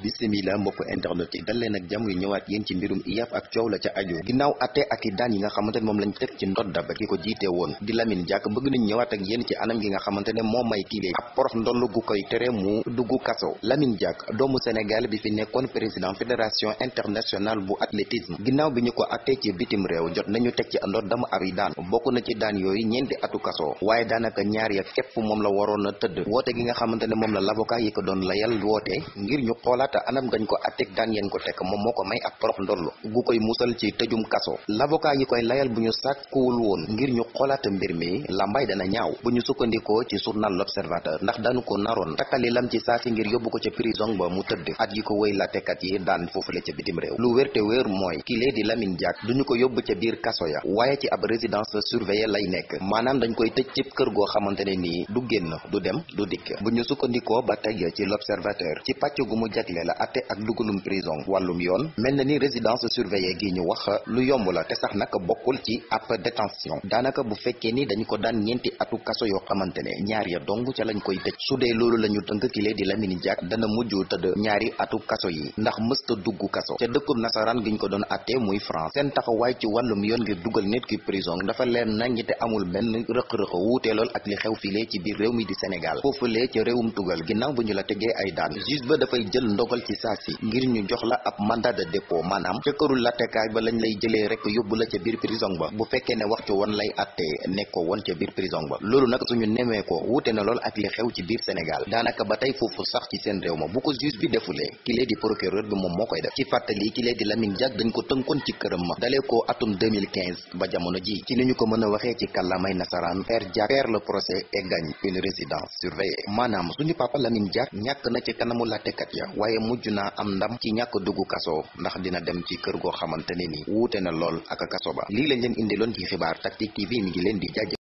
bisimila mbokk internet yi dal ak jàmm yu ñëwaat yéen ci mbirum IAAF ak coow la ca aju ginnaaw atte ak i daan yi nga xamante ne moom lañ teg ci ndodda ba ki ko jiite woon di Lamine Diack bëgg nañ ñëwaat ak yéen ci anam gi nga xamante ne may kiile ab porox ndoll gu koy tere mu dugg kaso Lamine Diack doomu Sénégal bi fi nekkoon président fédération internationale bu athlétisme ginnaaw bi ñu ko atte ci bitim réew jot nañu teg ci ndoddam ab i daan bokk na ci daan yooyu ñeenti atu kaso waaye daanaka ñaar ya moom la waroon a tëdd woote gi nga xamante ne moom la l'avocat yi ko doon layal woote ngir ñu laata anam ngañ ko attek daan yeen ko tek moom moo ko may ak porox ndollu gu koy musal ci tëjum kaso l'avocat yi koy layal bu ñu sàkkuwul woon ngir ñu xoolaat mbir mi làmbaay dana ñaaw bu ñu sukkandikoo ci journal l'observateur ndax daanu ko naroon takkali lam ci saasi ngir yóbbu ko ca prison ba mu tëdd at yi ko wëy la tekkat yi daan foofu foofule ca bitim réew lu wérte wéer mooy kilee di Lamine du ñu ko yóbbu ca biir kaso ya waaye ci ab résidence surveillée lay nekk maanaam dañ koy tëj cib kër goo xamante ne nii du génn du dem du dikk bu ñu sukkandikoo ba tey ci l'observateur ci pàcc gu mu ne la atte ak dugalum prison wàllum yoon mel na ni résidence surveillée gi ñu wax lu yomb la te sax naka bokkul ci ab détention daanaka bu fekkee ni dañu ko daan ñeenti atu kaso yoo xamante ne ñaar ya dong ca lañ koy tëj su dee loolu la ñu tënk kile di Lamine Diack dana mujj tëdd ñaari atu kaso yi ndax mësta dugg kaso ca dëkkub nasaraan gi ñu ko doon atte muy France seen taxawaay ci wàllum yoon ngir dugal nit ki prison dafa leer nañ te amul benn dogal ci saa si ngir ñu jox la ab mandat de dépôt maanaam ca këru lattekaay ba lañ lay jëlee rek yóbbu la ca biir prison ba bu fekkee ne waxtu woon lay attee nekkoo woon ca biir prison ba loolu nag suñu nemee ko wuute na lool ak li xew ci biir Sénégal daanaka ba tey foofu sax ci seen réew ma bu ko juge bi defulee ki lee di procureur bi moom moo koy def ci fàttali ki lee di Lamine Diack dañ ko tënkoon ci këram ma dalee ko atum 2015 ba jamono ji ci ni ñu ko mën a waxee ci kàllaamay nasaraan père Diack perd le procès et gagne une résidence surveillée maanaam suñu papa Lamine Diack ñàkk na ci kanamu lattekat mujj naa am ndam ci ñàkk dugg kaso ndax dina dem ci kër goo xamante ne ni wuute na lool ak kaso ba lii lañ leen indiloon ci xibaar Tactic TV mi ngi leen di jàjj